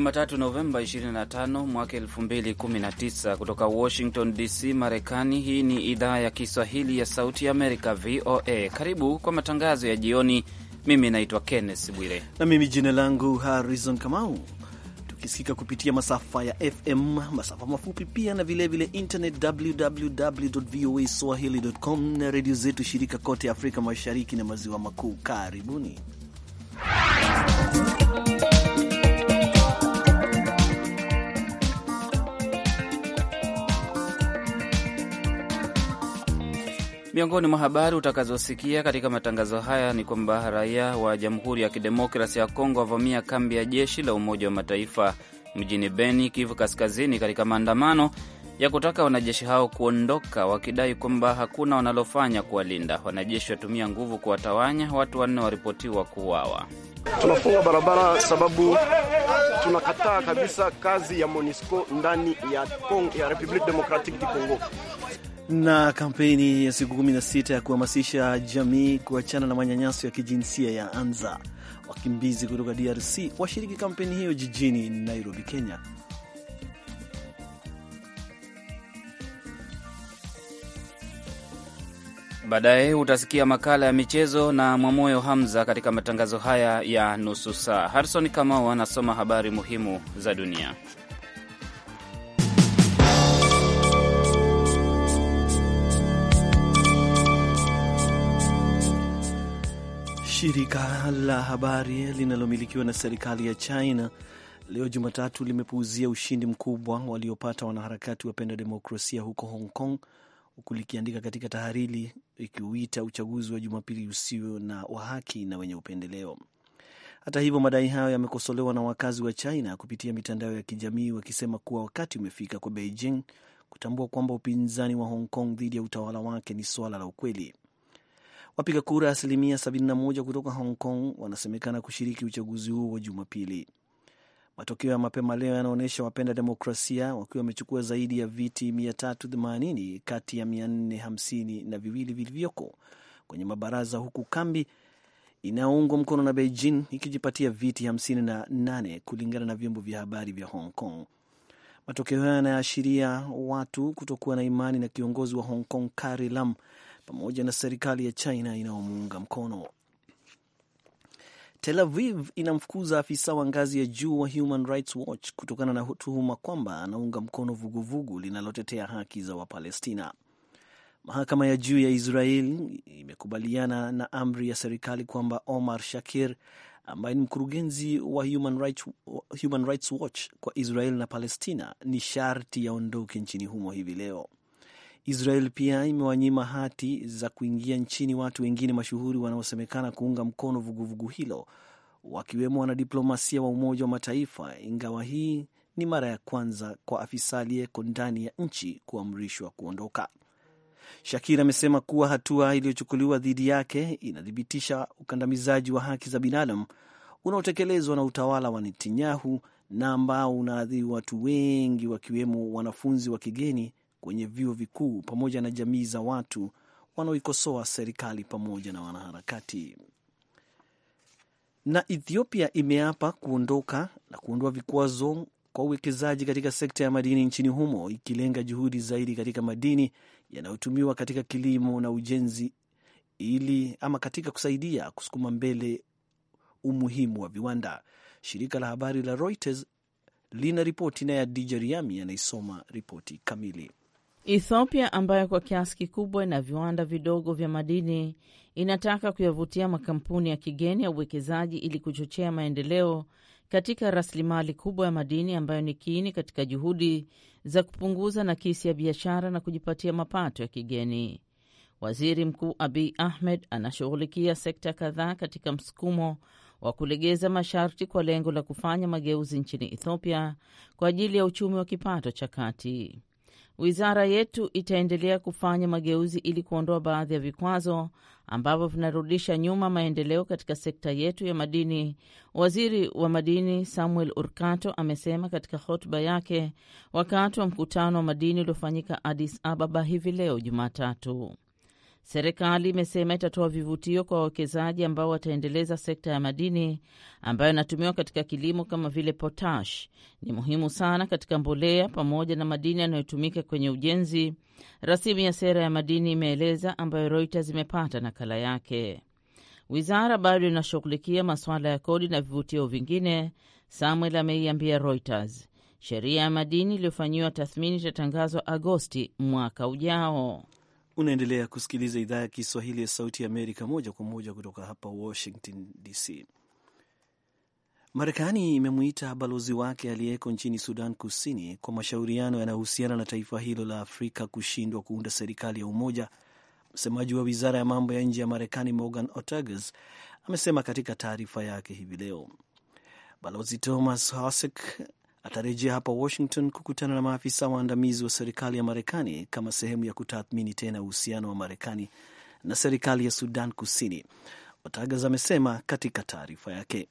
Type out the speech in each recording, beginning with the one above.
Jumatatu Novemba 25 mwaka 2019 kutoka Washington DC, Marekani. Hii ni idhaa ya Kiswahili ya Sauti ya Amerika, VOA. Karibu kwa matangazo ya jioni. Mimi naitwa Kenneth Bwire na mimi jina langu Harrison Kamau, tukisikika kupitia masafa ya FM, masafa mafupi pia na vilevile internet, www voa swahili.com na redio zetu shirika kote Afrika Mashariki na Maziwa Makuu. Karibuni Miongoni mwa habari utakazosikia katika matangazo haya ni kwamba raia wa Jamhuri ya Kidemokrasi ya Kongo wavamia kambi ya jeshi la Umoja wa Mataifa mjini Beni, Kivu Kaskazini, katika maandamano ya kutaka wanajeshi hao kuondoka, wakidai kwamba hakuna wanalofanya kuwalinda. Wanajeshi watumia nguvu kuwatawanya, watu wanne waripotiwa kuuawa. Tunafunga barabara sababu tunakataa kabisa kazi ya MONUSCO ndani ya, ya Republic Democratic du Congo na kampeni ya siku 16 ya kuhamasisha jamii kuachana na manyanyaso ya kijinsia ya anza. Wakimbizi kutoka DRC washiriki kampeni hiyo jijini Nairobi, Kenya. Baadaye utasikia makala ya michezo na Mwamoyo Hamza katika matangazo haya ya nusu saa. Harison Kamau anasoma habari muhimu za dunia. Shirika la habari linalomilikiwa na serikali ya China leo Jumatatu limepuuzia ushindi mkubwa waliopata wanaharakati wapenda demokrasia huko Hong Kong, huku likiandika katika tahariri ikiuita uchaguzi wa Jumapili usio na wa haki na wenye upendeleo. Hata hivyo, madai hayo yamekosolewa na wakazi wa China kupitia mitandao ya kijamii wakisema kuwa wakati umefika kwa Beijing kutambua kwamba upinzani wa Hong Kong dhidi ya utawala wake ni suala la ukweli. Wapiga kura asilimia 71 kutoka Hong Kong wanasemekana kushiriki uchaguzi huo wa Jumapili. Matokeo ya mapema leo yanaonyesha wapenda demokrasia wakiwa wamechukua zaidi ya viti 380 kati ya 450 na viwili vilivyoko kwenye mabaraza, huku kambi inayoungwa mkono na Beijing ikijipatia viti 58 kulingana na vyombo vya habari vya Hong Kong. Matokeo hayo yanaashiria watu kutokuwa na imani na kiongozi wa Hong Kong Carrie Lam pamoja na serikali ya China inayomuunga mkono. Tel Aviv inamfukuza afisa wa ngazi ya juu wa Human Rights Watch kutokana na tuhuma kwamba anaunga mkono vuguvugu linalotetea haki za Wapalestina. Mahakama ya juu ya Israel imekubaliana na amri ya serikali kwamba Omar Shakir ambaye ni mkurugenzi wa Human Rights, Human Rights Watch kwa Israel na Palestina ni sharti yaondoke nchini humo hivi leo. Israel pia imewanyima hati za kuingia nchini watu wengine mashuhuri wanaosemekana kuunga mkono vuguvugu vugu hilo wakiwemo wanadiplomasia wa Umoja wa Mataifa, ingawa hii ni mara ya kwanza kwa afisa aliyeko ndani ya nchi kuamrishwa kuondoka. Shakir amesema kuwa hatua iliyochukuliwa dhidi yake inathibitisha ukandamizaji wa haki za binadamu unaotekelezwa na utawala wa Netanyahu na ambao unaadhiri watu wengi wakiwemo wanafunzi wa kigeni kwenye vyuo vikuu pamoja na jamii za watu wanaoikosoa serikali pamoja na wanaharakati. Na Ethiopia imeapa kuondoka na kuondoa vikwazo kwa uwekezaji katika sekta ya madini nchini humo, ikilenga juhudi zaidi katika madini yanayotumiwa katika kilimo na ujenzi, ili ama katika kusaidia kusukuma mbele umuhimu wa viwanda. Shirika la habari la Reuters lina ripoti, naye Adija Riami anaisoma ripoti kamili. Ethiopia ambayo kwa kiasi kikubwa ina viwanda vidogo vya madini inataka kuyavutia makampuni ya kigeni ya uwekezaji ili kuchochea maendeleo katika rasilimali kubwa ya madini ambayo ni kiini katika juhudi za kupunguza nakisi ya biashara na kujipatia mapato ya kigeni. Waziri Mkuu Abiy Ahmed anashughulikia sekta kadhaa katika msukumo wa kulegeza masharti kwa lengo la kufanya mageuzi nchini Ethiopia kwa ajili ya uchumi wa kipato cha kati. Wizara yetu itaendelea kufanya mageuzi ili kuondoa baadhi ya vikwazo ambavyo vinarudisha nyuma maendeleo katika sekta yetu ya madini, waziri wa madini Samuel Urkato amesema katika hotuba yake wakati wa mkutano wa madini uliofanyika Addis Ababa hivi leo Jumatatu. Serikali imesema itatoa vivutio kwa wawekezaji ambao wataendeleza sekta ya madini ambayo inatumiwa katika kilimo kama vile potash, ni muhimu sana katika mbolea pamoja na madini yanayotumika kwenye ujenzi, rasimu ya sera ya madini imeeleza, ambayo Reuters imepata nakala yake. Wizara bado inashughulikia masuala ya kodi na vivutio vingine, Samuel ameiambia Reuters. Sheria ya madini iliyofanyiwa tathmini itatangazwa Agosti mwaka ujao. Unaendelea kusikiliza idhaa ya Kiswahili ya Sauti ya Amerika moja kwa moja kutoka hapa Washington DC. Marekani imemuita balozi wake aliyeko nchini Sudan Kusini kwa mashauriano yanayohusiana na taifa hilo la Afrika kushindwa kuunda serikali ya umoja. Msemaji wa wizara ya mambo ya nje ya Marekani Morgan otages amesema katika taarifa yake hivi leo. Balozi Thomas Hasek atarejea hapa Washington kukutana na maafisa waandamizi wa serikali ya Marekani kama sehemu ya kutathmini tena uhusiano wa Marekani na serikali ya Sudan Kusini, Watagas amesema katika taarifa yake.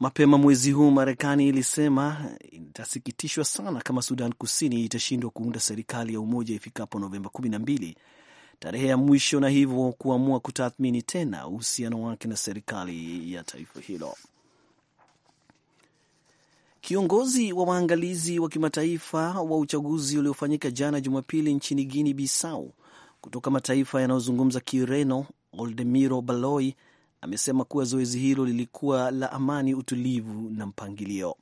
Mapema mwezi huu Marekani ilisema itasikitishwa sana kama Sudan Kusini itashindwa kuunda serikali ya umoja ifikapo Novemba 12, tarehe ya mwisho, na hivyo kuamua kutathmini tena uhusiano wake na serikali ya taifa hilo. Kiongozi wa waangalizi wa kimataifa wa uchaguzi uliofanyika jana Jumapili nchini Guinea Bissau kutoka mataifa yanayozungumza Kireno, Oldemiro Baloi amesema kuwa zoezi hilo lilikuwa la amani, utulivu na mpangilio.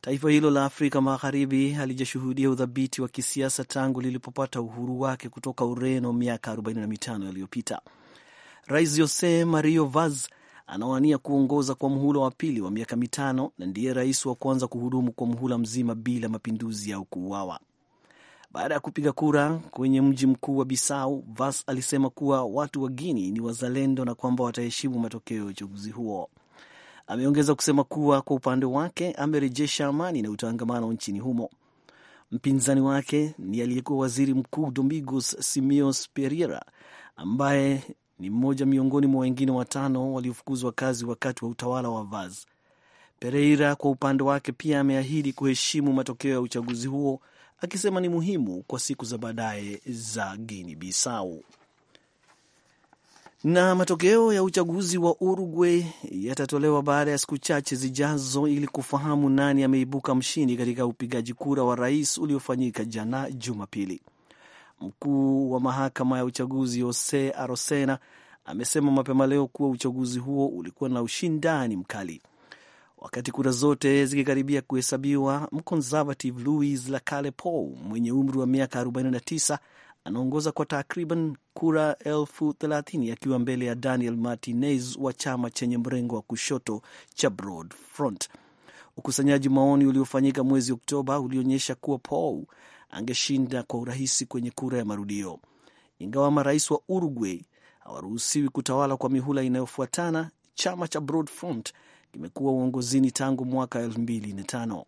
Taifa hilo la Afrika Magharibi halijashuhudia udhabiti wa kisiasa tangu lilipopata uhuru wake kutoka Ureno miaka 45 yaliyopita. Rais Jose Mario Vaz anawania kuongoza kwa mhula wa pili wa miaka mitano na ndiye rais wa kwanza kuhudumu kwa mhula mzima bila mapinduzi au kuuawa. Baada ya kupiga kura kwenye mji mkuu wa Bisau, Vas alisema kuwa watu wa Guini ni wazalendo na kwamba wataheshimu matokeo ya uchaguzi huo. Ameongeza kusema kuwa kwa upande wake amerejesha amani na utangamano nchini humo. Mpinzani wake ni aliyekuwa waziri mkuu Domingos Simios Pereira ambaye ni mmoja miongoni mwa wengine watano waliofukuzwa kazi wakati wa utawala wa Vaz. Pereira kwa upande wake pia ameahidi kuheshimu matokeo ya uchaguzi huo, akisema ni muhimu kwa siku za baadaye za Guinea Bisau. Na matokeo ya uchaguzi wa Uruguay yatatolewa baada ya siku chache zijazo ili kufahamu nani ameibuka mshindi katika upigaji kura wa rais uliofanyika jana Jumapili. Mkuu wa mahakama ya uchaguzi Jose Arosena amesema mapema leo kuwa uchaguzi huo ulikuwa na ushindani mkali. Wakati kura zote zikikaribia kuhesabiwa, mconservative Louis cale Pou mwenye umri wa miaka 49 anaongoza kwa takriban kura elfu akiwa mbele ya Daniel Martinez wa chama chenye mrengo wa kushoto cha Broad Front. Ukusanyaji maoni uliofanyika mwezi Oktoba ulionyesha kuwa Pou angeshinda kwa urahisi kwenye kura ya marudio. Ingawa marais wa Uruguay hawaruhusiwi kutawala kwa mihula inayofuatana, chama cha Broad Front kimekuwa uongozini tangu mwaka 2005.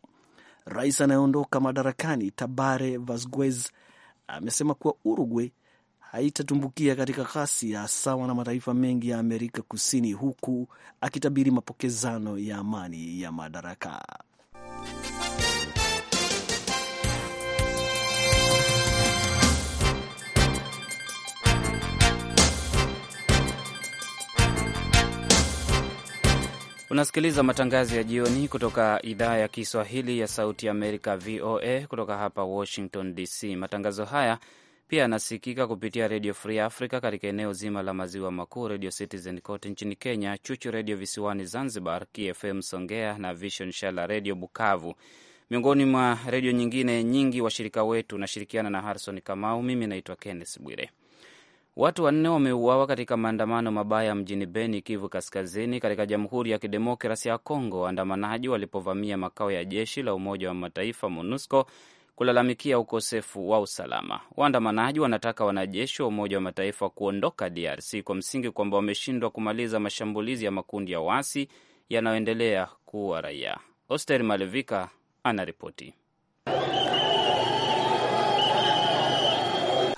Rais anayeondoka madarakani Tabare Vazquez amesema kuwa Uruguay haitatumbukia katika ghasia sawa na mataifa mengi ya Amerika Kusini, huku akitabiri mapokezano ya amani ya madaraka. Unasikiliza matangazo ya jioni kutoka idhaa ya Kiswahili ya Sauti ya Amerika, VOA, kutoka hapa Washington DC. Matangazo haya pia yanasikika kupitia Redio Free Africa katika eneo zima la maziwa makuu, Redio Citizen kote nchini Kenya, Chuchu Redio visiwani Zanzibar, KFM Songea na Vision Shala Redio Bukavu, miongoni mwa redio nyingine nyingi washirika wetu. Unashirikiana na Harrison Kamau, mimi naitwa Kenneth Bwire. Watu wanne wameuawa katika maandamano mabaya mjini Beni, Kivu Kaskazini, katika Jamhuri ya kidemokrasi ya Kongo, waandamanaji walipovamia makao ya jeshi la Umoja wa Mataifa MONUSCO kulalamikia ukosefu wa usalama. Waandamanaji wanataka wanajeshi wa Umoja wa Mataifa kuondoka DRC kwa msingi kwamba wameshindwa kumaliza mashambulizi ya makundi ya waasi yanayoendelea kuua raia. Oster Malevika anaripoti.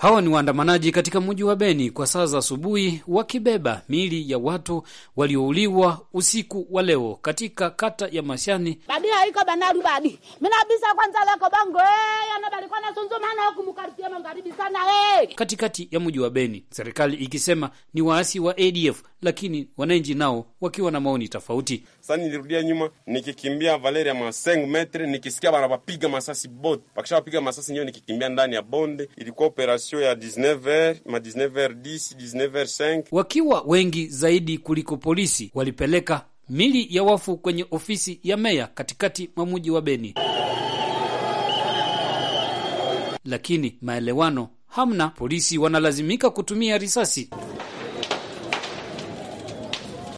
Hawa ni waandamanaji katika mji wa Beni kwa saa za asubuhi, wakibeba mili ya watu waliouliwa usiku wa leo katika kata ya Mashani. badia iko banaru badi minabisa kwanza leko bango eh, yana balikuwa na sunzumana huku mkaribia magharibi sana hey. Eh. Katikati ya mji wa Beni, serikali ikisema ni waasi wa ADF, lakini wananchi nao wakiwa na maoni tofauti. Sasa nilirudia nyuma nikikimbia Valeria Masengu metre, nikisikia wanawapiga masasi bote, wakishawapiga masasi nyewe nikikimbia ndani ya bonde, ilikuwa operasi sio ya 19h ma 19h10 19h5. Wakiwa wengi zaidi kuliko polisi, walipeleka mili ya wafu kwenye ofisi ya meya katikati mwa mji wa Beni, lakini maelewano hamna. Polisi wanalazimika kutumia risasi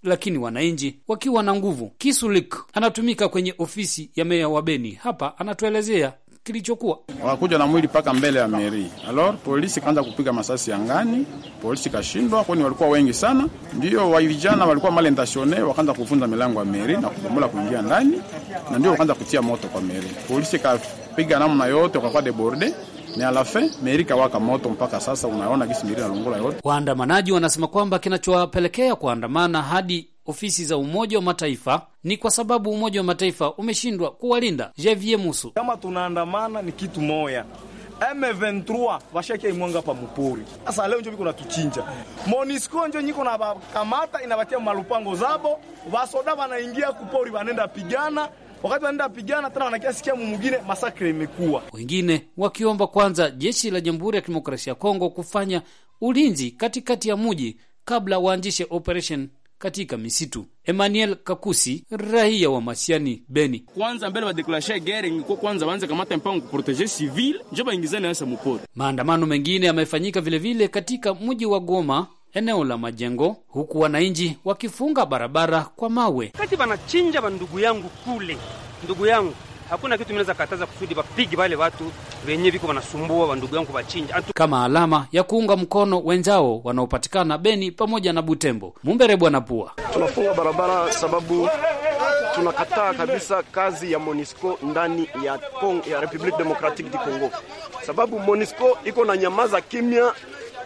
lakini wananchi wakiwa na nguvu. Kisulik anatumika kwenye ofisi ya meya wa Beni. Hapa anatuelezea kilichokuwa wanakuja na mwili mpaka mbele ya meri. Alors polisi kaanza kupiga masasi yangani, polisi kashindwa, kwani walikuwa wengi sana. Ndio wavijana walikuwa ndashone, wakaanza kuvunja milango ya meri na kubomola kuingia ndani, na ndio wakaanza kutia moto kwa meri. Polisi kapiga namna yote, wakakuwa deborde ni alafe meri kawaka moto mpaka sasa. Unaona gisi meri na lungula yote. Waandamanaji wanasema kwamba kinachowapelekea kuandamana hadi ofisi za Umoja wa Mataifa ni kwa sababu Umoja wa Mataifa umeshindwa kuwalinda Javier Musu. Kama tunaandamana ni kitu moya M23 washake imwanga pa mupuri. Sasa leo njo biko tuchinja. Monisco njo nyiko na kamata inabatia malupango zabo, basoda wanaingia kupori banenda pigana. Wakati wanaenda pigana tena wanakia sikia mwingine masakre imekuwa. Wengine wakiomba kwanza jeshi la Jamhuri ya Kidemokrasia ya Kongo kufanya ulinzi katikati ya muji kabla waanzishe operation katika misitu. Emmanuel Kakusi, raia wa Masiani, Beni. Kwanza mbele wadeklashe gere ingekuwa kwanza wanze kamata mpango kuproteje civil njo baingizane hasa mupori. Maandamano mengine yamefanyika vilevile katika mji wa Goma eneo la majengo huku wananchi wakifunga barabara kwa mawe. Kati banachinja bandugu yangu kule, ndugu yangu hakuna kitu minaweza kataza kusudi wapigi wale watu wenye viko wanasumbua wandugu yangu wachinja Antu... kama alama ya kuunga mkono wenzao wanaopatikana Beni pamoja na Butembo. Mumbere bwana pua, tunafunga barabara sababu tunakataa kabisa kazi ya Monisco ndani ya, Kong, ya Republic Democratic du Congo sababu Monisco iko na nyamaza kimya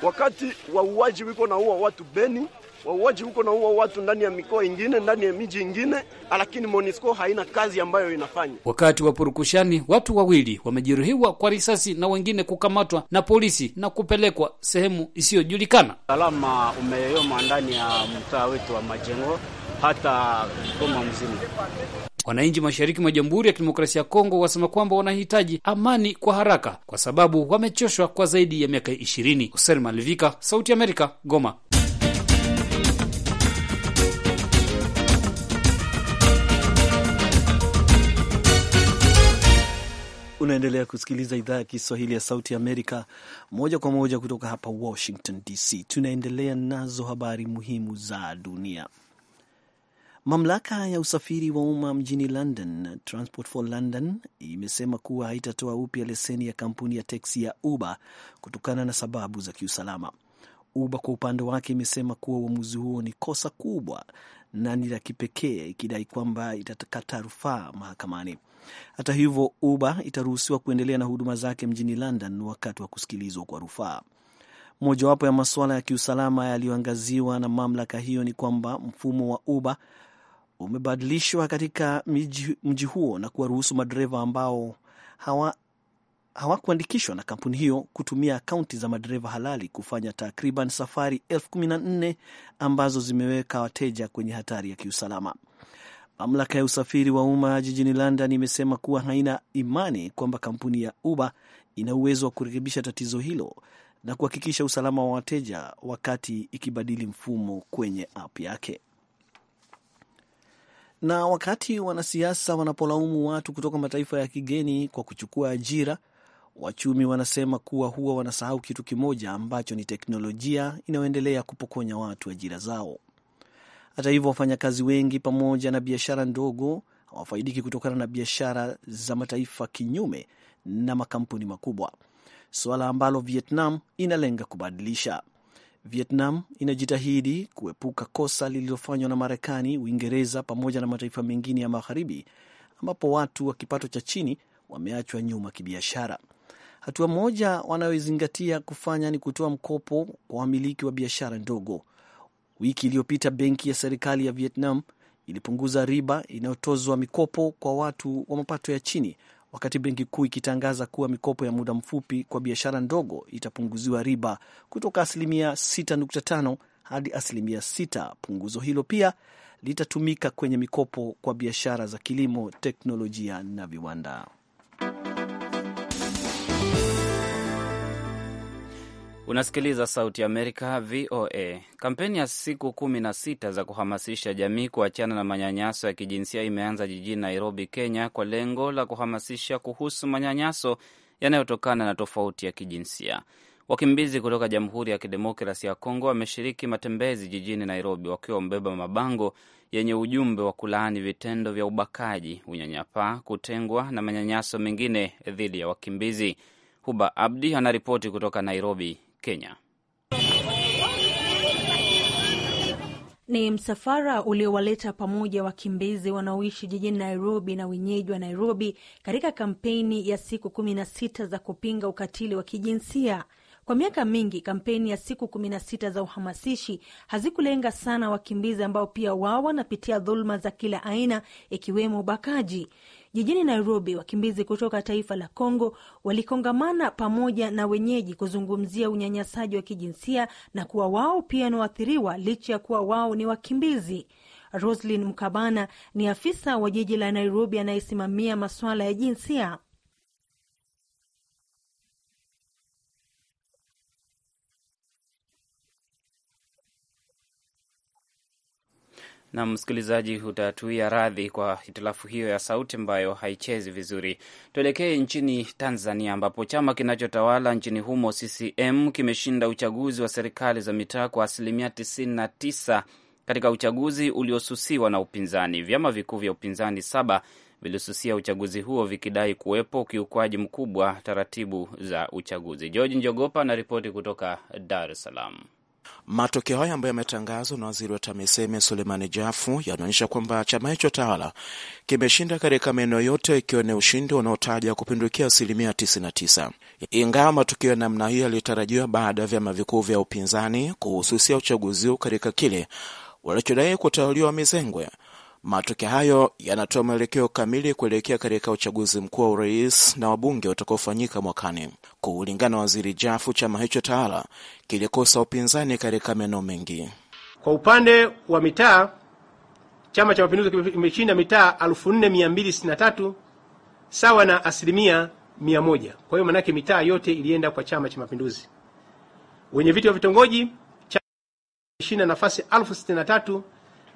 wakati wauaji wiko na uwa watu Beni wauaji huko na huwa watu ndani ya mikoa ingine, ndani ya miji ingine, lakini MONUSCO haina kazi ambayo inafanya. Wakati wa purukushani, watu wawili wamejeruhiwa kwa risasi na wengine kukamatwa na polisi na kupelekwa sehemu isiyojulikana. Salama umeyoma ndani ya mtaa wetu wa Majengo hata Goma mzima. Wananchi mashariki mwa Jamhuri ya Kidemokrasia ya Kongo wasema kwamba wanahitaji amani kwa haraka kwa sababu wamechoshwa kwa zaidi ya miaka ishirini. Hoser Malivika, Sauti ya Amerika, Goma. Unaendelea kusikiliza idhaa ya Kiswahili ya Sauti Amerika moja kwa moja kutoka hapa Washington DC. Tunaendelea nazo habari muhimu za dunia. Mamlaka ya usafiri wa umma mjini London, Transport for London, imesema kuwa haitatoa upya leseni ya kampuni ya teksi ya Uber kutokana na sababu za kiusalama. Uber kwa upande wake imesema kuwa uamuzi huo ni kosa kubwa na ni la kipekee, ikidai kwamba itakata rufaa mahakamani. Hata hivyo, Uber itaruhusiwa kuendelea na huduma zake mjini London wakati wa kusikilizwa kwa rufaa. Mojawapo ya masuala ya kiusalama yaliyoangaziwa na mamlaka hiyo ni kwamba mfumo wa Uber umebadilishwa katika mji huo na kuwaruhusu madereva ambao hawa hawakuandikishwa na kampuni hiyo kutumia akaunti za madereva halali kufanya takriban safari elfu kumi na nne ambazo zimeweka wateja kwenye hatari ya kiusalama. Mamlaka ya usafiri wa umma jijini London imesema kuwa haina imani kwamba kampuni ya Uber ina uwezo wa kurekebisha tatizo hilo na kuhakikisha usalama wa wateja wakati ikibadili mfumo kwenye app yake. Na wakati wanasiasa wanapolaumu watu kutoka mataifa ya kigeni kwa kuchukua ajira, wachumi wanasema kuwa huwa wanasahau kitu kimoja ambacho ni teknolojia inayoendelea kupokonya watu ajira zao. Hata hivyo, wafanyakazi wengi pamoja na biashara ndogo hawafaidiki kutokana na biashara za mataifa kinyume na makampuni makubwa, suala ambalo Vietnam inalenga kubadilisha. Vietnam inajitahidi kuepuka kosa lililofanywa na Marekani, Uingereza pamoja na mataifa mengine ya Magharibi, ambapo watu wa kipato cha chini wameachwa nyuma kibiashara. Hatua moja wanayozingatia kufanya ni kutoa mkopo kwa wamiliki wa biashara ndogo. Wiki iliyopita benki ya serikali ya Vietnam ilipunguza riba inayotozwa mikopo kwa watu wa mapato ya chini, wakati benki kuu ikitangaza kuwa mikopo ya muda mfupi kwa biashara ndogo itapunguziwa riba kutoka asilimia 6.5 hadi asilimia 6. Punguzo hilo pia litatumika kwenye mikopo kwa biashara za kilimo, teknolojia na viwanda. Unasikiliza Sauti Amerika, VOA. Kampeni ya siku kumi na sita za kuhamasisha jamii kuachana na manyanyaso ya kijinsia imeanza jijini Nairobi, Kenya, kwa lengo la kuhamasisha kuhusu manyanyaso yanayotokana na tofauti ya kijinsia. Wakimbizi kutoka Jamhuri ya Kidemokrasi ya Kongo wameshiriki matembezi jijini Nairobi wakiwa wamebeba mabango yenye ujumbe wa kulaani vitendo vya ubakaji, unyanyapaa, kutengwa na manyanyaso mengine dhidi ya wakimbizi. Huba Abdi anaripoti kutoka Nairobi Kenya. Ni msafara uliowaleta pamoja wakimbizi wanaoishi jijini Nairobi na wenyeji wa Nairobi katika kampeni ya siku kumi na sita za kupinga ukatili wa kijinsia. Kwa miaka mingi kampeni ya siku kumi na sita za uhamasishi hazikulenga sana wakimbizi ambao pia wao wanapitia dhuluma za kila aina ikiwemo ubakaji. Jijini Nairobi, wakimbizi kutoka taifa la Kongo walikongamana pamoja na wenyeji kuzungumzia unyanyasaji wa kijinsia na kuwa wao pia ni waathiriwa licha ya kuwa wao ni wakimbizi. roslin Mkabana ni afisa wa jiji la Nairobi anayesimamia masuala ya jinsia. na msikilizaji, utatuia radhi kwa hitilafu hiyo ya sauti ambayo haichezi vizuri. Tuelekee nchini Tanzania, ambapo chama kinachotawala nchini humo CCM kimeshinda uchaguzi wa serikali za mitaa kwa asilimia 99 katika uchaguzi uliosusiwa na upinzani. Vyama vikuu vya upinzani saba vilisusia uchaguzi huo vikidai kuwepo ukiukwaji mkubwa taratibu za uchaguzi. George Njogopa anaripoti kutoka Dar es Salaam. Matokeo haya ambayo yametangazwa na waziri wa TAMISEMI Sulemani Jafu yanaonyesha kwamba chama hicho tawala kimeshinda katika maeneo yote, ikiwa ni ushindi unaotaja kupindukia asilimia 99. Ingawa matukio ya namna hiyo yalitarajiwa baada ya vyama vikuu vya upinzani kuhususia uchaguzi huu katika kile walichodai kutawaliwa mizengwe Matokeo hayo yanatoa mwelekeo kamili kuelekea katika uchaguzi mkuu wa urais na wabunge utakaofanyika mwakani. Kulingana na waziri Jafu, chama hicho tawala kilikosa upinzani katika maeneo mengi. Kwa upande wa mitaa, Chama cha Mapinduzi kimeshinda mitaa 4263 sawa na asilimia 100. Kwa hiyo maanake mitaa yote ilienda kwa Chama cha Mapinduzi. Wenye viti wa vitongoji, chama kimeshinda nafasi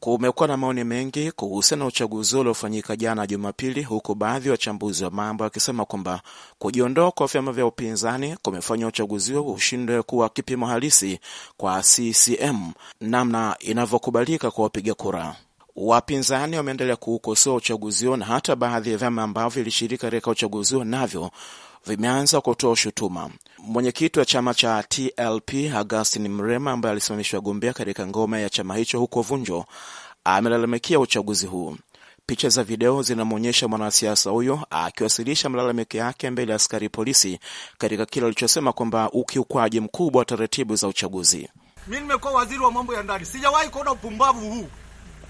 Kumekuwa na maoni mengi kuhusiana na uchaguzi huo uliofanyika jana Jumapili, huku baadhi ya wachambuzi wa mambo wakisema kwamba kujiondoa kwa vyama vya upinzani kumefanya uchaguzi huo ushindwe kuwa kipimo halisi kwa CCM namna inavyokubalika kwa wapiga kura. Wapinzani wameendelea kuukosoa uchaguzi huo na hata baadhi ya vyama ambavyo vilishiriki katika uchaguzi huo navyo vimeanza kutoa shutuma. Mwenyekiti wa chama cha TLP Augustin Mrema, ambaye alisimamishwa gombea katika ngome ya chama hicho huko Vunjo, amelalamikia uchaguzi huu. Picha za video zinamwonyesha mwanasiasa huyo akiwasilisha malalamiko yake mbele ya askari polisi katika kile alichosema kwamba ukiukwaji mkubwa wa taratibu za uchaguzi. Mi nimekuwa waziri wa mambo ya ndani, sijawahi kuona upumbavu huu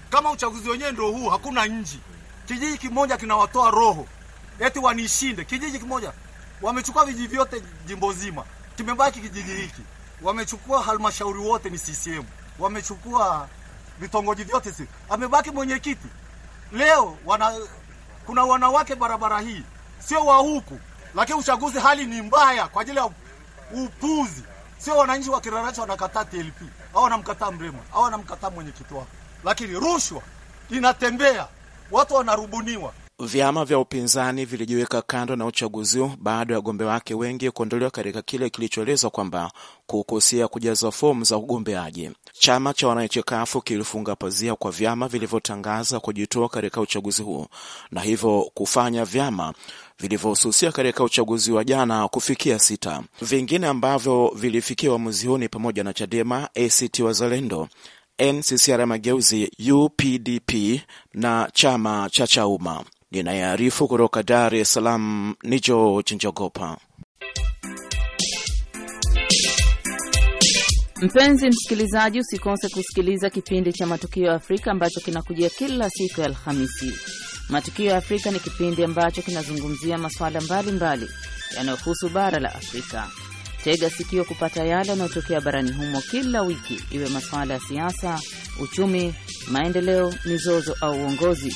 kama uchaguzi wenyewe ndo huu. Hakuna nji. kijiji kimoja kinawatoa roho eti wanishinde, kijiji kimoja wamechukua vijiji vyote jimbo zima, kimebaki kijiji hiki. Wamechukua halmashauri wote ni CCM, wamechukua vitongoji vyote, si amebaki mwenyekiti. Leo wana, kuna wanawake barabara hii, sio wa huku, lakini uchaguzi hali ni mbaya kwa ajili ya upuzi, sio wananchi wa kiraracha wanakataa TLP au wanamkataa Mrema au wanamkataa mwenyekiti wao, lakini rushwa inatembea, watu wanarubuniwa Vyama vya upinzani vilijiweka kando na uchaguzi baada ya wagombea wake wengi kuondolewa katika kile kilichoelezwa kwamba kukosia kujaza fomu za ugombeaji. Chama cha wananchi Kafu kilifunga pazia kwa vyama vilivyotangaza kujitoa katika uchaguzi huu na hivyo kufanya vyama vilivyohususia katika uchaguzi wa jana kufikia sita. Vingine ambavyo vilifikia uamuzi huu ni pamoja na Chadema, ACT Wazalendo, NCCR Mageuzi, UPDP na chama cha Chauma. Ninayearifu kutoka Dar es Salaam ni George Njogopa. Mpenzi msikilizaji, usikose kusikiliza kipindi cha Matukio ya Afrika ambacho kinakujia kila siku ya Alhamisi. Matukio ya Afrika ni kipindi ambacho kinazungumzia masuala mbalimbali yanayohusu bara la Afrika. Tega sikio kupata yale yanayotokea barani humo kila wiki, iwe masuala ya siasa, uchumi, maendeleo, mizozo au uongozi.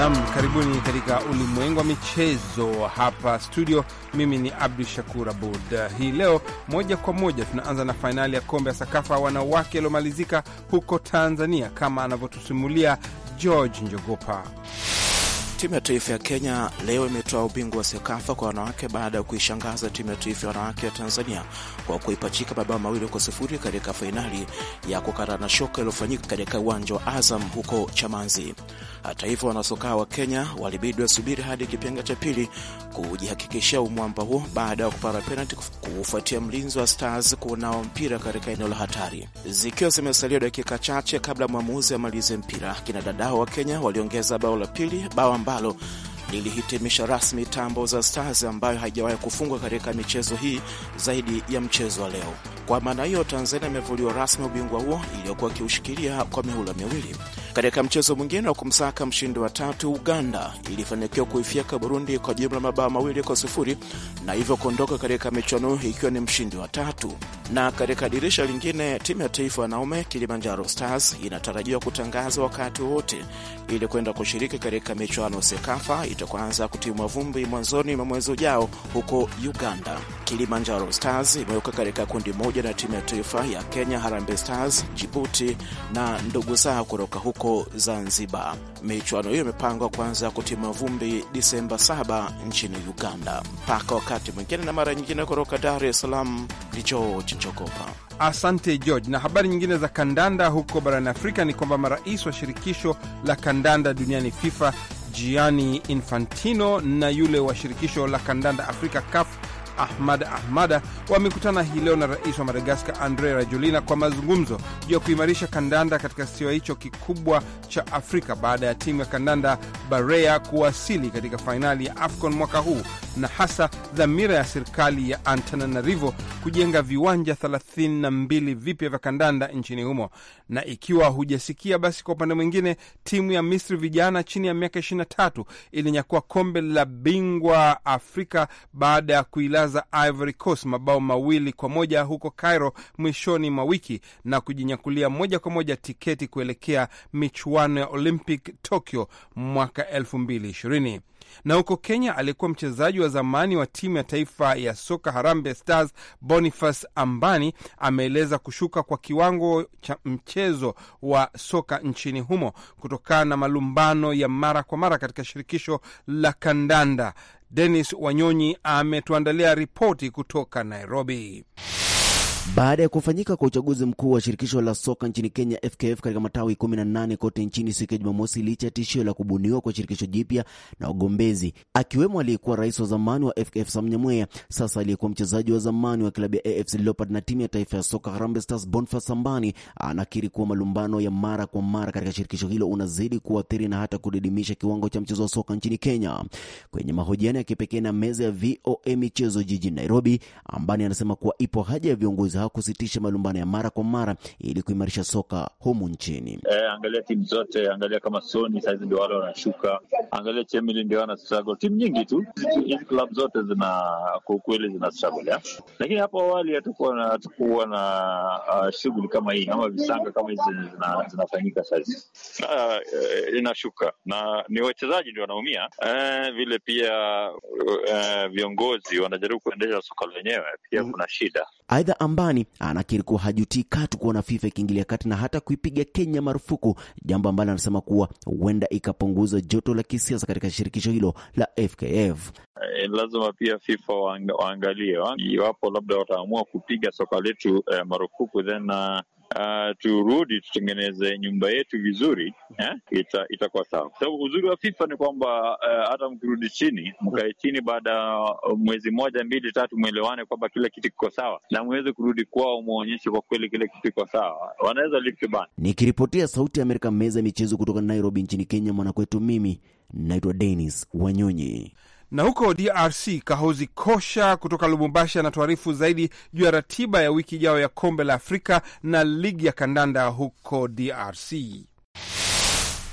Nam, karibuni katika ulimwengu wa michezo hapa studio. Mimi ni Abdu Shakur Abud. Hii leo moja kwa moja tunaanza na fainali ya kombe ya Sakafa wanawake yaliyomalizika huko Tanzania, kama anavyotusimulia George Njogopa. Timu ya taifa ya Kenya leo imetoa ubingwa wa SEKAFA kwa wanawake baada ya kuishangaza timu ya taifa ya wanawake ya Tanzania kwa kuipachika mabao mawili kwa sifuri katika fainali ya kukarana shoka iliyofanyika katika uwanja wa Azam huko Chamazi. Hata hivyo, wanasokaa wa Kenya walibidi wasubiri hadi kipenga cha pili kujihakikishia umwamba huo baada ya kupara penalti kufuatia mlinzi wa Stars kuunao mpira katika eneo la hatari. Zikiwa zimesalia dakika chache kabla mwamuzi amalize mpira, dadao wa Kenya waliongeza bao la pili, bao ambalo lilihitimisha rasmi tambo za Stars ambayo haijawahi kufungwa katika michezo hii zaidi ya mchezo wa leo. Kwa maana hiyo, Tanzania imevuliwa rasmi ubingwa huo iliyokuwa ikiushikilia kwa mihula miwili. Katika mchezo mwingine wa kumsaka mshindi wa tatu, Uganda ilifanikiwa kuifyeka Burundi kwa jumla mabao mawili kwa sifuri na hivyo kuondoka katika michuano ikiwa ni mshindi wa tatu. Na katika dirisha lingine, timu ya taifa wanaume Kilimanjaro Stars inatarajiwa kutangaza wakati wote ili kwenda kushiriki katika michuano Sekafa itakuanza kutimwa vumbi mwanzoni mwa mwezi ujao huko Uganda. Kilimanjaro Stars imewekwa katika kundi moja na timu ya taifa ya Kenya Harambee Stars, Jibuti na ndugu zao kutoka huko huko Zanzibar. Michuano hiyo imepangwa kuanza kutima vumbi Disemba 7 nchini Uganda. Mpaka wakati mwingine na mara nyingine, kutoka Dar es Salaam ni George Njogopa. Asante George. Na habari nyingine za kandanda huko barani Afrika ni kwamba marais wa shirikisho la kandanda duniani FIFA Gianni Infantino na yule wa shirikisho la kandanda Afrika CAF Ahmad Ahmada wamekutana hii leo na rais wa Madagaskar Andre Rajolina kwa mazungumzo juu ya kuimarisha kandanda katika kisiwa hicho kikubwa cha Afrika baada ya timu ya kandanda Barea kuwasili katika fainali ya AFCON mwaka huu na hasa dhamira ya serikali ya Antananarivo kujenga viwanja 32 vipya vya kandanda nchini humo. Na ikiwa hujasikia, basi kwa upande mwingine, timu ya Misri vijana chini ya miaka 23 ilinyakua kombe la bingwa Afrika baada ya kuilaza za Ivory Coast mabao mawili kwa moja huko Cairo mwishoni mwa wiki na kujinyakulia moja kwa moja tiketi kuelekea michuano ya Olympic Tokyo mwaka 220 na huko Kenya alikuwa mchezaji wa zamani wa timu ya taifa ya soka Harambee Stars Boniface Ambani ameeleza kushuka kwa kiwango cha mchezo wa soka nchini humo kutokana na malumbano ya mara kwa mara katika shirikisho la kandanda. Denis Wanyonyi ametuandalia ripoti kutoka Nairobi. Baada ya kufanyika kwa uchaguzi mkuu wa shirikisho la soka nchini Kenya FKF katika matawi 18 kote nchini siku ya Jumamosi, licha ya tishio la kubuniwa kwa shirikisho jipya na wagombezi akiwemo aliyekuwa rais wa zamani wa FKF Sam Nyamweya, sasa aliyekuwa mchezaji wa zamani wa klabu ya AFC Leopards na timu ya taifa ya soka Harambee Stars Boniface Sambani anakiri kuwa malumbano ya mara kwa mara katika shirikisho hilo unazidi kuathiri na hata kudidimisha kiwango cha mchezo wa soka nchini Kenya. Kwenye mahojiano ya kipekee na meza ya VOA michezo jijini Nairobi, Ambani anasema kuwa ipo haja ya viongozi viongozi hao kusitisha malumbano ya mara kwa mara ili kuimarisha soka humu nchini. E, angalia timu zote, angalia kama Sony sahizi ndio wale wanashuka, angalia Chemili ndio wana struggle, timu nyingi tu hizi klabu zote zina kwa ukweli zina struggle, lakini hapo awali hatukuwa hatukuwa na uh, shughuli kama hii ama visanga kama hizi zina, zinafanyika sahizi Uh, eh, inashuka na ni wachezaji ndio wanaumia uh, vile pia uh, viongozi wanajaribu kuendesha soka lenyewe pia mm. Kuna shida Aidha, Ambani anakiri kuwa hajutii katu kuona FIFA ikiingilia kati na hata kuipiga Kenya marufuku, jambo ambalo anasema kuwa huenda ikapunguza joto la kisiasa katika shirikisho hilo la FKF. Eh, lazima pia FIFA waangalie iwapo labda wataamua kupiga soka letu e, marufuku then uh uh, turudi tutengeneze nyumba yetu vizuri eh, ita, itakuwa sawa. Sababu uzuri wa FIFA ni kwamba uh, hata mkirudi chini mkae chini, baada ya mwezi moja mbili tatu, mwelewane kwamba kila kitu kiko sawa, na mweze kurudi kwao, mwonyeshe kwa kweli kila kitu kiko sawa, wanaweza lift ban. Nikiripotia Sauti ya Amerika, meza ya michezo kutoka Nairobi nchini Kenya, mwanakwetu, mimi naitwa Dennis Wanyonyi. Na huko DRC, Kahozi Kosha kutoka Lubumbashi anatuarifu zaidi juu ya ratiba ya wiki ijayo ya kombe la Afrika na ligi ya kandanda huko DRC.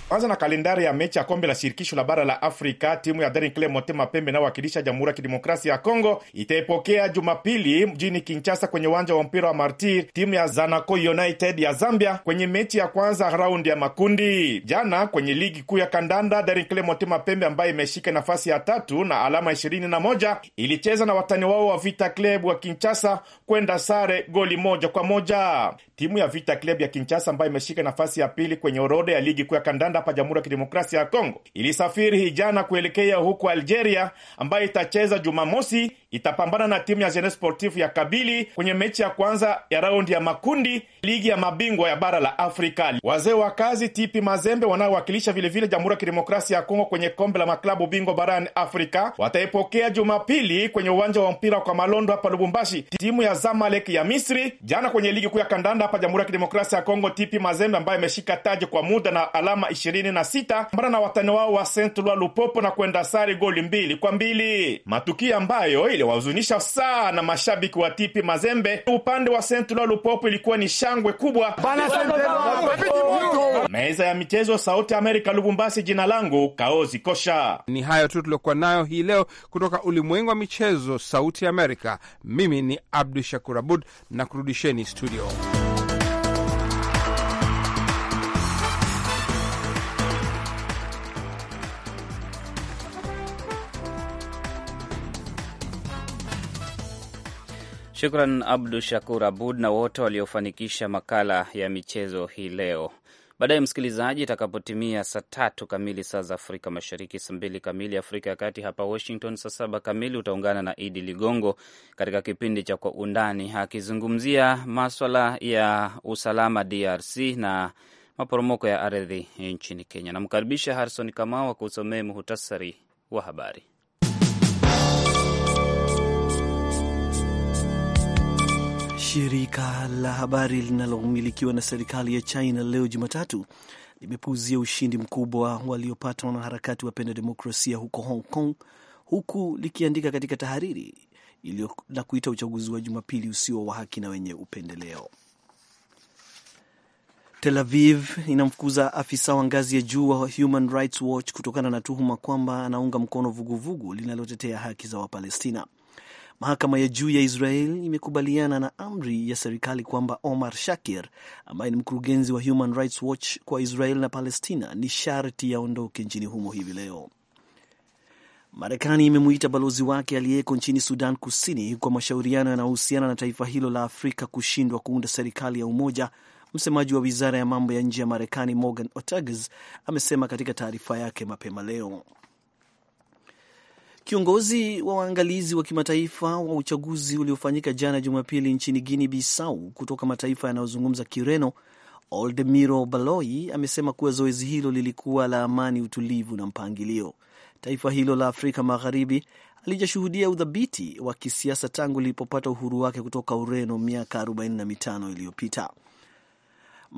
Kwanza na kalendari ya mechi ya kombe la shirikisho la bara la Afrika, timu ya Daring Club Motema Pembe inayowakilisha Jamhuri ya Kidemokrasia ya Kongo itaipokea Jumapili mjini Kinshasa kwenye uwanja wa mpira wa Martir timu ya Zanaco United ya Zambia kwenye mechi ya kwanza raundi ya makundi. Jana kwenye ligi kuu ya kandanda, Daring Club Motema Pembe ambaye imeshika nafasi ya tatu na alama ishirini na moja ilicheza na watani wao wa Vita Club wa Kinshasa kwenda sare goli moja kwa moja. Timu ya Vita Club ya Kinshasa ambayo imeshika nafasi ya pili kwenye orodha ya ligi kuu ya kandanda Rwanda hapa Jamhuri ya Kidemokrasia ya Kongo ilisafiri hijana kuelekea huko Algeria ambayo itacheza Jumamosi itapambana na timu ya Jeunes Sportif ya Kabili kwenye mechi ya kwanza ya raundi ya makundi ligi ya mabingwa ya bara la Afrika. Wazee wa kazi Tipi Mazembe wanaowakilisha vilevile Jamhuri ya Kidemokrasia ya Kongo kwenye kombe la maklabu bingwa barani Afrika wataipokea Jumapili kwenye uwanja wa mpira kwa Malondo hapa Lubumbashi timu ya Zamalek ya Misri. Jana kwenye ligi kuu ya kandanda hapa Jamhuri ya Kidemokrasia ya Kongo, Tipi Mazembe ambayo imeshika taji kwa muda na alama 26 ambana na watani wao wa Saint Eloi Lupopo na kwenda sare goli mbili kwa mbili, matukio ambayo iliwahuzunisha sana mashabiki wa Tipi Mazembe. Upande wa Sentula Lupopo ilikuwa ni shangwe kubwa. Meza ya michezo, Sauti ya Amerika, lubumbasi Jina langu Kaozi Kosha. Ni hayo tu tuliokuwa nayo hii leo kutoka ulimwengu wa michezo, Sauti ya Amerika. Mimi ni Abdu Shakur Abud na kurudisheni studio. Shukran Abdu Shakur Abud na wote waliofanikisha makala ya michezo hii leo. Baadaye msikilizaji, itakapotimia saa tatu kamili saa za Afrika Mashariki, saa mbili kamili Afrika ya Kati, hapa Washington saa saba kamili utaungana na Idi Ligongo katika kipindi cha Kwa Undani akizungumzia maswala ya usalama DRC na maporomoko ya ardhi nchini Kenya. Namkaribisha harison Kamau akusomee muhutasari wa habari. Shirika la habari linalomilikiwa na serikali ya China leo Jumatatu limepuuzia ushindi mkubwa waliopata wanaharakati wapenda demokrasia huko Hong Kong, huku likiandika katika tahariri iliyo na kuita uchaguzi wa Jumapili usio wa haki na wenye upendeleo. Tel Aviv inamfukuza afisa wa ngazi ya juu wa Human Rights Watch kutokana na tuhuma kwamba anaunga mkono vuguvugu linalotetea haki za Wapalestina. Mahakama ya juu ya Israel imekubaliana na amri ya serikali kwamba Omar Shakir ambaye ni mkurugenzi wa Human Rights Watch kwa Israel na Palestina ni sharti yaondoke nchini humo hivi leo. Marekani imemuita balozi wake aliyeko nchini Sudan Kusini kwa mashauriano yanayohusiana na taifa hilo la Afrika kushindwa kuunda serikali ya umoja. Msemaji wa wizara ya mambo ya nje ya Marekani Morgan otages amesema katika taarifa yake mapema leo. Kiongozi wa waangalizi wa kimataifa wa uchaguzi uliofanyika jana Jumapili nchini Guinea Bissau kutoka mataifa yanayozungumza Kireno, Oldemiro Baloi, amesema kuwa zoezi hilo lilikuwa la amani, utulivu na mpangilio. Taifa hilo la Afrika Magharibi alijashuhudia udhabiti wa kisiasa tangu lilipopata uhuru wake kutoka Ureno miaka 45 iliyopita.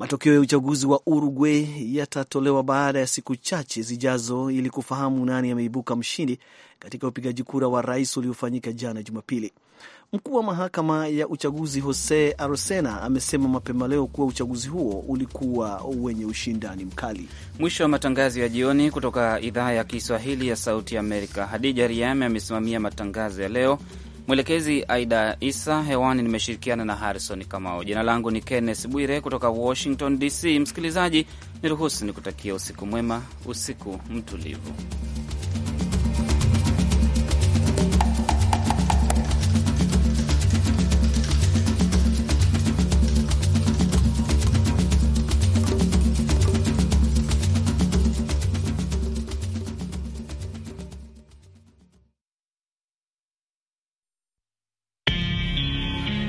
Matokeo ya uchaguzi wa Uruguay yatatolewa baada ya siku chache zijazo ili kufahamu nani ameibuka mshindi katika upigaji kura wa rais uliofanyika jana Jumapili. Mkuu wa mahakama ya uchaguzi Jose Arosena amesema mapema leo kuwa uchaguzi huo ulikuwa wenye ushindani mkali. Mwisho wa matangazo ya jioni kutoka idhaa ya Kiswahili ya Sauti Amerika. Hadija Riame amesimamia matangazo ya leo. Mwelekezi Aida Isa hewani, nimeshirikiana na Harrison Kamao. Jina langu ni Kenneth Bwire kutoka Washington DC. Msikilizaji, niruhusu nikutakia usiku mwema, usiku mtulivu.